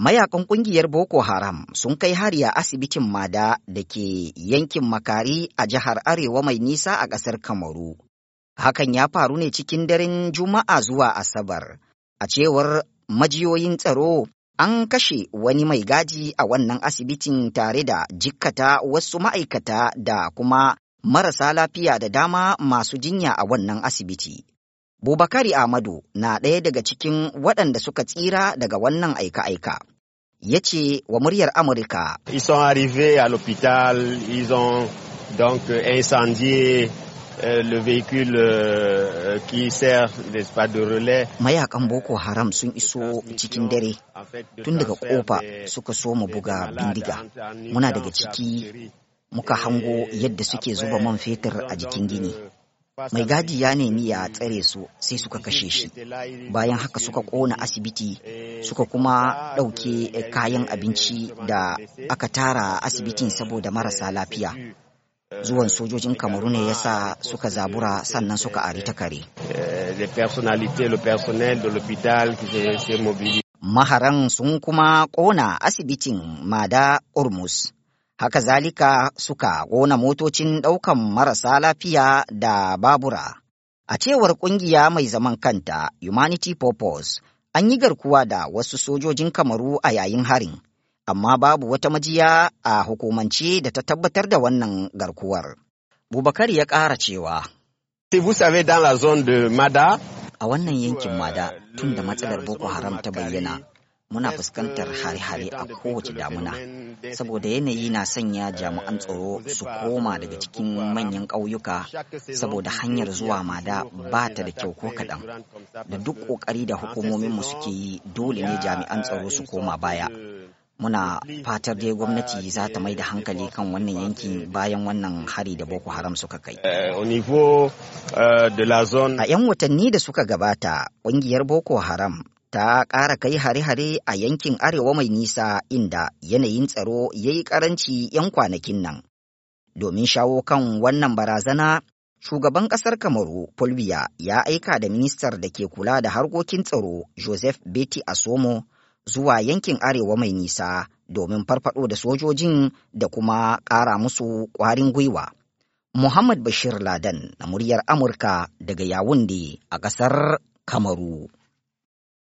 mayakan kungiyar Boko Haram sun kai hari a asibitin Mada da ke yankin Makari a jihar Arewa mai nisa a ƙasar Kamaru. Hakan ya faru ne cikin daren Juma'a zuwa Asabar. A cewar majiyoyin tsaro an kashe wani mai gaji a wannan asibitin tare da jikkata wasu ma'aikata da kuma marasa lafiya da dama masu jinya a wannan asibiti. Bubakari Ahmadu na ɗaya daga cikin waɗanda suka tsira daga wannan aika-aika. Ya ce wa muryar Amurka. Ils sont arrivés à l'hôpital, ils ont donc incendié euh, le véhicule euh, euh, qui sert d'espace de relais. Mayakan Boko Haram sun iso cikin dare. Tun daga kofa suka so mu buga bindiga. Muna daga ciki muka hango yadda suke zuba man fetur a jikin gini. mai gadi ya nemi ya tsare su sai suka kashe shi bayan haka suka kona asibiti eh, suka kuma ɗauke eh, kayan eh, abinci da aka tara asibitin saboda marasa lafiya zuwan sojojin kamaru ne ya sa suka zabura sannan suka ari ta kare maharan sun kuma kona asibitin mada urmus haka zalika suka ƙona motocin ɗaukan marasa lafiya da babura. A cewar ƙungiya mai zaman kanta Humanity Purpose, an yi garkuwa da wasu sojojin kamaru a yayin harin, amma babu wata majiya a hukumance da ta tabbatar da wannan garkuwar. Bubakar ya ƙara cewa. A wannan yankin Mada, tun da matsalar Boko Haram ta bayyana, muna fuskantar hare-hare a kowace damuna. saboda yanayi na sanya jami'an tsaro su koma daga cikin manyan ƙauyuka saboda hanyar zuwa mada ba ta da kyau ko kaɗan da duk ƙoƙari da hukumominmu suke yi dole ne jami'an tsaro su koma baya muna fatar dai gwamnati za ta mai da hankali kan wannan yanki bayan wannan hari da boko haram suka kai eh, euh, a 'yan watanni da suka gabata ƙungiyar boko haram ta ƙara kai hare-hare a yankin arewa mai nisa inda yanayin tsaro ya yi ƙaranci 'yan kwanakin nan. Domin shawo kan wannan barazana, shugaban ƙasar Kamaru, Fulbiya, ya aika da ministar da ke kula da harkokin tsaro, Joseph Beti Asomo, zuwa yankin arewa mai nisa domin farfaɗo da sojojin da kuma ƙara musu ƙwarin gwiwa. Muhammad Bashir Ladan na muryar Amurka daga Yawunde a ƙasar Kamaru.